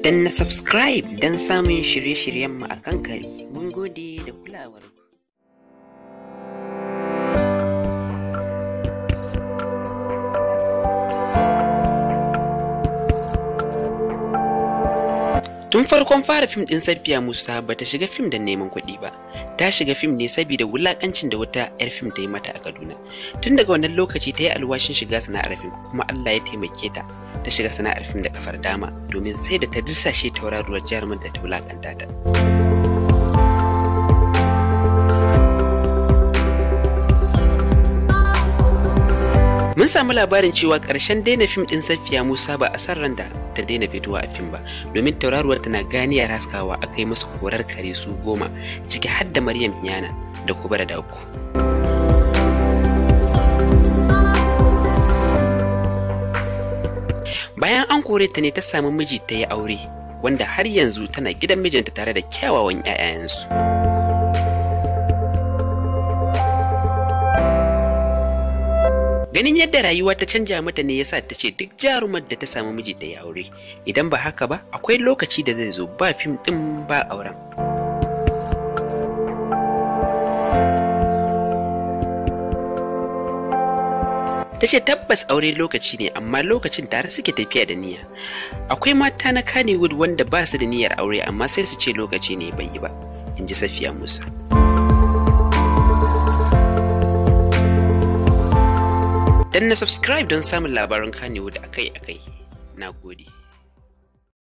Dan na subscribe don samun shirye-shiryenmu a kan kari. Mun gode da kulawar. Tun farkon fara fim ɗin Safiya Musa ba ta shiga fim da neman kuɗi ba, ta shiga fim ne saboda wulakancin da wata 'yar fim ta yi mata a Kaduna. Tun daga wannan lokaci ta yi alwashin shiga sana'ar fim kuma Allah ya taimake ta ta shiga sana'ar fim da kafar dama domin sai da ta dissashe tauraruwar jarumin da ta wulakanta ta. Mun samu labarin cewa ƙarshen daina fim ɗin Safiya Musa ba a san randa ta daina fitowa a fim ba domin tauraruwar tana a raskawa aka yi musu korar kare su goma ciki har da maryam yana da kubara da uku bayan an kore ta ne ta samu miji ta yi aure wanda har yanzu tana gidan mijinta tare da kyawawan 'ya'yansu. ganin yadda rayuwa ta canja mata ne yasa ta ce duk jarumar da ta samu miji ta aure idan ba haka ba akwai lokaci da zai zo ba fim din ba auren ta ce tabbas aure lokaci ne amma lokacin tare suke tafiya da niyya akwai mata na kannywood wanda ba su da niyyar aure amma sai su ce lokaci ne bai yi ba in ji safiya musa na subscribe don samun labaran kanewa da akai-akai na gode